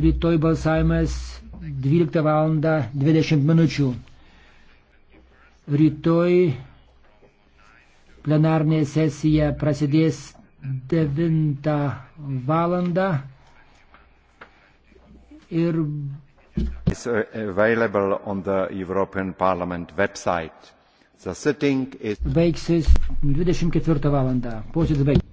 Rytoj balsavimas 12 val. 20 minučių. Rytoj plenarnė sesija prasidės 9 val. ir is uh, available on the European Parliament website. The sitting is Baigsis 24 val. Posėdis baigsis.